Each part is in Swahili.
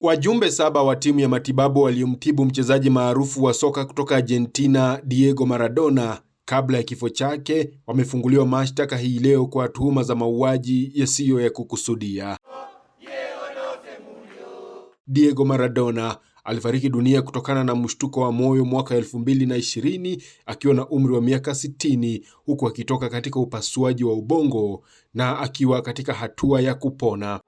Wajumbe saba wa timu ya matibabu waliomtibu mchezaji maarufu wa soka kutoka Argentina Diego Maradona kabla ya kifo chake wamefunguliwa mashtaka hii leo kwa tuhuma za mauaji yasiyo ya kukusudia. Diego Maradona alifariki dunia kutokana na mshtuko wa moyo mwaka elfu akiwa na umri wa miaka 60 huku akitoka katika upasuaji wa ubongo na akiwa katika hatua ya kupona.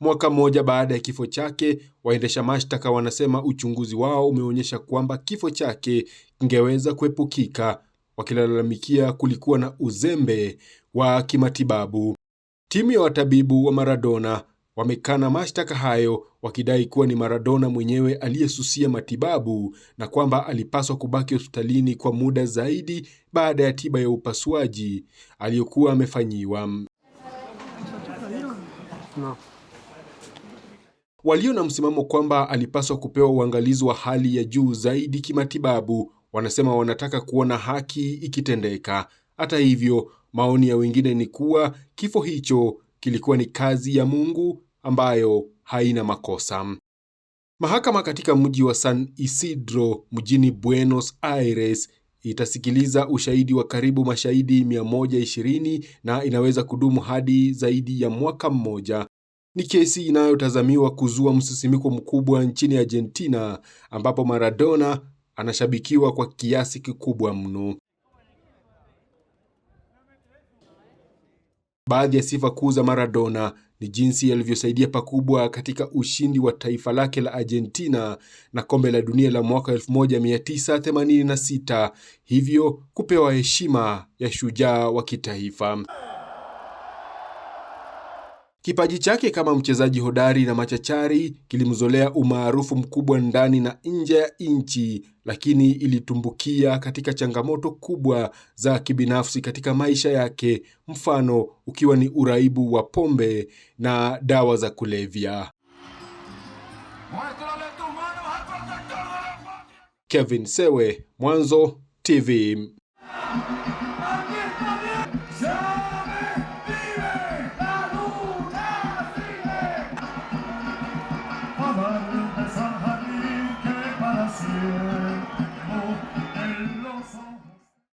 Mwaka mmoja baada ya kifo chake, waendesha mashtaka wanasema uchunguzi wao umeonyesha kwamba kifo chake kingeweza kuepukika, wakilalamikia kulikuwa na uzembe wa kimatibabu. Timu ya watabibu wa Maradona wamekana mashtaka hayo wakidai kuwa ni Maradona mwenyewe aliyesusia matibabu na kwamba alipaswa kubaki hospitalini kwa muda zaidi baada ya tiba ya upasuaji aliyokuwa amefanyiwa. No. Walio na msimamo kwamba alipaswa kupewa uangalizi wa hali ya juu zaidi kimatibabu, wanasema wanataka kuona haki ikitendeka. Hata hivyo, maoni ya wengine ni kuwa kifo hicho kilikuwa ni kazi ya Mungu ambayo haina makosa. Mahakama katika mji wa San Isidro mjini Buenos Aires itasikiliza ushahidi wa karibu mashahidi 120 na inaweza kudumu hadi zaidi ya mwaka mmoja ni kesi inayotazamiwa kuzua msisimiko mkubwa nchini Argentina ambapo Maradona anashabikiwa kwa kiasi kikubwa mno. Baadhi ya sifa kuu za Maradona ni jinsi alivyosaidia pakubwa katika ushindi wa taifa lake la Argentina na kombe la dunia la mwaka 1986, hivyo kupewa heshima ya shujaa wa kitaifa. Kipaji chake kama mchezaji hodari na machachari kilimzolea umaarufu mkubwa ndani na nje ya nchi, lakini ilitumbukia katika changamoto kubwa za kibinafsi katika maisha yake, mfano ukiwa ni uraibu wa pombe na dawa za kulevya. Kevin Sewe, Mwanzo TV.